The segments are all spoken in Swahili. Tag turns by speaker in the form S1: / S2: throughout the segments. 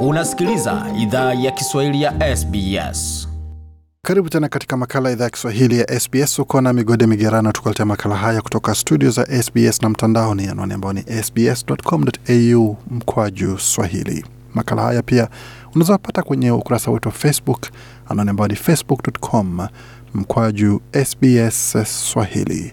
S1: Unasikiliza idhaa ya Kiswahili ya SBS. Karibu tena katika makala idhaa ya Kiswahili ya SBS. Uko na Migode Migerano tukuletea makala haya kutoka studio za SBS na mtandaoni, anwani ambao ni sbs.com.au mkwaju swahili. Makala haya pia unazopata kwenye ukurasa wetu wa Facebook, anwani ambao ni facebook.com mkwaju sbs swahili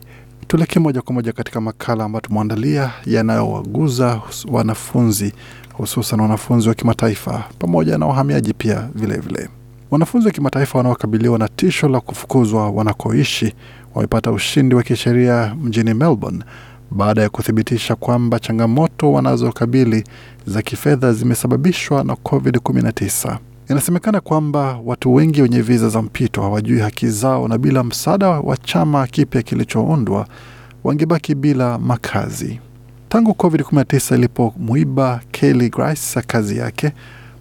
S1: Tuelekee moja kwa moja katika makala ambayo tumeandalia yanayowaguza wanafunzi hususan wanafunzi wa kimataifa pamoja na wahamiaji pia vilevile vile. Wanafunzi wa kimataifa wanaokabiliwa na tisho la kufukuzwa wanakoishi wamepata ushindi wa kisheria mjini Melbourne baada ya kuthibitisha kwamba changamoto wanazokabili za kifedha zimesababishwa na COVID-19. Inasemekana kwamba watu wengi wenye viza za mpito hawajui haki zao, na bila msaada wa chama kipya kilichoundwa wangebaki bila makazi. Tangu COVID-19 ilipomwiba Kelly Grace kazi yake,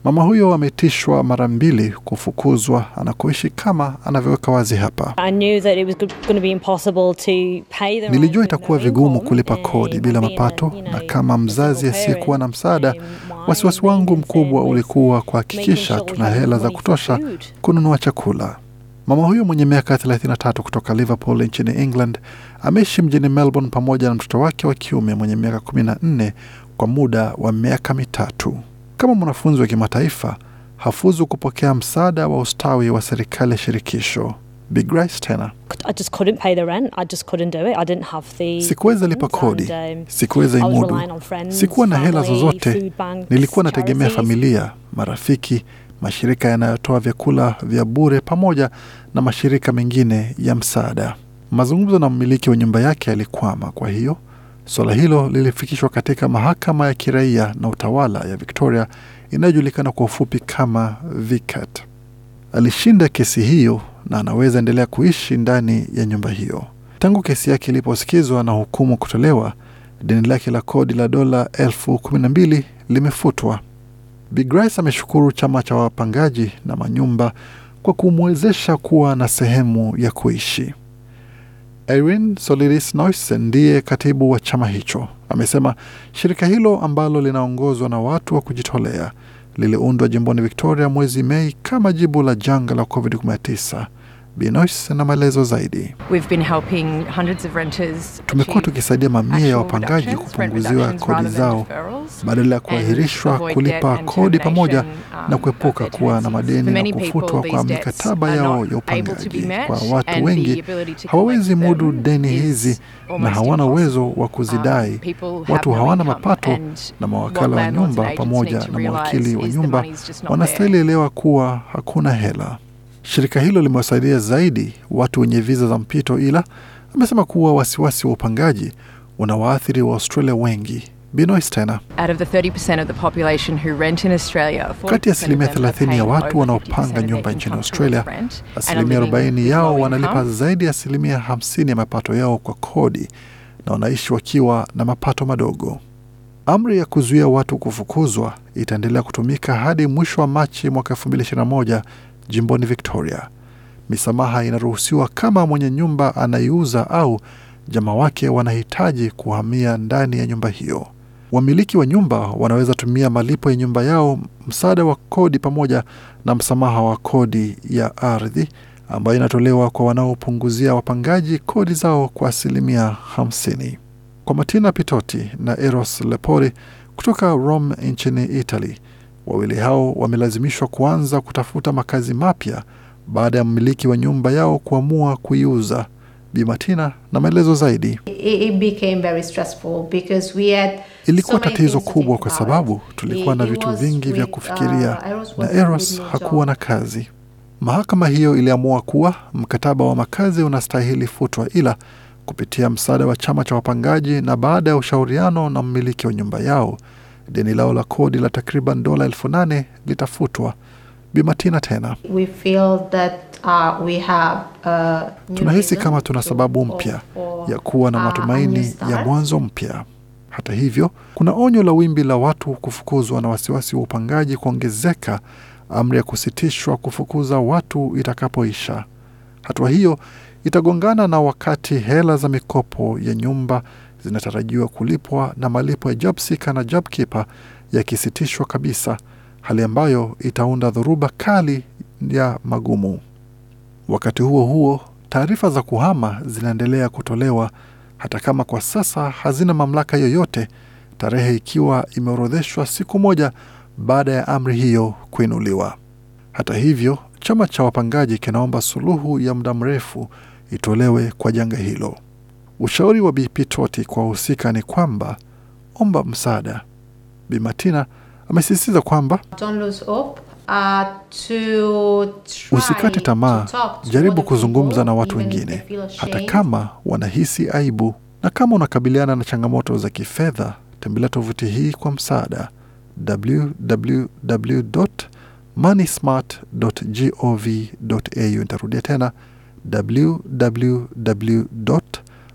S1: Mama huyo ametishwa mara mbili kufukuzwa anakoishi kama anavyoweka wazi hapa. Nilijua itakuwa vigumu kulipa kodi bila mapato, na kama mzazi asiyekuwa na msaada, wasiwasi wangu mkubwa ulikuwa kuhakikisha tuna hela za kutosha kununua chakula. Mama huyo mwenye miaka 33 kutoka Liverpool nchini England ameishi mjini Melbourne pamoja na mtoto wake wa kiume mwenye miaka 14 kwa muda wa miaka mitatu. Kama mwanafunzi wa kimataifa hafuzu kupokea msaada wa ustawi wa serikali ya shirikisho. Bi Grace tena, sikuweza lipa kodi, um, sikuweza imudu, sikuwa na hela zozote. Nilikuwa nategemea familia, marafiki, mashirika yanayotoa vyakula vya bure pamoja na mashirika mengine ya msaada. Mazungumzo na mmiliki wa nyumba yake yalikwama, kwa hiyo Suala hilo lilifikishwa katika mahakama ya kiraia na utawala ya Victoria inayojulikana kwa ufupi kama VCAT. Alishinda kesi hiyo na anaweza endelea kuishi ndani ya nyumba hiyo. Tangu kesi yake iliposikizwa na hukumu kutolewa, deni lake la kodi la dola elfu kumi na mbili limefutwa. Bi Grace ameshukuru chama cha wapangaji na manyumba kwa kumwezesha kuwa na sehemu ya kuishi. Erin Soliris Noisen ndiye katibu wa chama hicho, amesema shirika hilo ambalo linaongozwa na watu wa kujitolea liliundwa jimboni Victoria mwezi Mei kama jibu la janga la COVID-19 Binois na maelezo zaidi. Tumekuwa tukisaidia mamia ya wapangaji kupunguziwa kodi zao badala ya kuahirishwa kulipa kodi pamoja um, na kuepuka kuwa na madeni na kufutwa kwa mikataba yao ya upangaji. Kwa watu wengi hawawezi mudu deni hizi na hawana uwezo wa um, kuzidai. Watu hawana mapato, na mawakala wa nyumba pamoja na mawakili wa nyumba wanastahili elewa kuwa hakuna hela Shirika hilo limewasaidia zaidi watu wenye viza za mpito, ila amesema kuwa wasiwasi wa upangaji unawaathiri Waaustralia wengi. kati ya asilimia 30 ya watu wanaopanga nyumba nchini Australia, asilimia 40 yao wanalipa zaidi ya asilimia 50 ya mapato yao kwa kodi na wanaishi wakiwa na mapato madogo. Amri ya kuzuia watu kufukuzwa itaendelea kutumika hadi mwisho wa Machi mwaka 2021 jimboni Victoria. Misamaha inaruhusiwa kama mwenye nyumba anaiuza au jamaa wake wanahitaji kuhamia ndani ya nyumba hiyo. Wamiliki wa nyumba wanaweza tumia malipo ya nyumba yao, msaada wa kodi, pamoja na msamaha wa kodi ya ardhi ambayo inatolewa kwa wanaopunguzia wapangaji kodi zao kwa asilimia 50. Kwa Matina Pitoti na Eros lepori kutoka Rome nchini Italy. Wawili hao wamelazimishwa kuanza kutafuta makazi mapya baada ya mmiliki wa nyumba yao kuamua kuiuza. bimatina na maelezo zaidi. Ilikuwa tatizo kubwa kwa sababu tulikuwa na vitu vingi vya uh, kufikiria na Eros hakuwa na kazi. Mahakama hiyo iliamua kuwa mkataba wa makazi unastahili futwa, ila kupitia msaada wa chama cha wapangaji na baada ya ushauriano na mmiliki wa nyumba yao deni lao la kodi la takriban dola elfu nane litafutwa. Bimatina tena we feel that, uh, we have, uh, tunahisi kama tuna sababu mpya ya kuwa na uh, matumaini uh, ya mwanzo mpya. Hata hivyo, kuna onyo la wimbi la watu kufukuzwa na wasiwasi wa upangaji kuongezeka, amri ya kusitishwa kufukuza watu itakapoisha. Hatua hiyo itagongana na wakati hela za mikopo ya nyumba zinatarajiwa kulipwa na malipo ya JobSeeker na JobKeeper yakisitishwa kabisa, hali ambayo itaunda dhoruba kali ya magumu. Wakati huo huo, taarifa za kuhama zinaendelea kutolewa hata kama kwa sasa hazina mamlaka yoyote, tarehe ikiwa imeorodheshwa siku moja baada ya amri hiyo kuinuliwa. Hata hivyo, chama cha wapangaji kinaomba suluhu ya muda mrefu itolewe kwa janga hilo. Ushauri wa Bipitoti kwa wahusika ni kwamba omba msaada. bimatina amesisitiza kwamba Uh, usikate tamaa, jaribu kuzungumza na watu wengine hata kama wanahisi aibu. Na kama unakabiliana na changamoto za kifedha, tembelea tovuti hii kwa msaada www.moneysmart.gov.au. Nitarudia tena www.moneysmart.gov.au.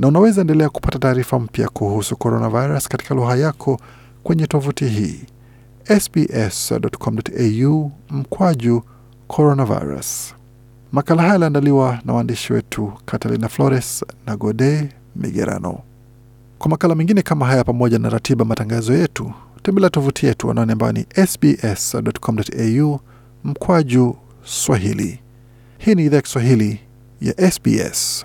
S1: na unaweza endelea kupata taarifa mpya kuhusu coronavirus katika lugha yako kwenye tovuti hii sbs.com.au mkwaju coronavirus. Makala haya yaliandaliwa na waandishi wetu Catalina Flores na Gode Migerano. Kwa makala mengine kama haya, pamoja na ratiba matangazo yetu, tembelea tovuti yetu anaone ambayo ni sbs.com.au mkwaju Swahili. Hii ni idhaa ya Kiswahili ya SBS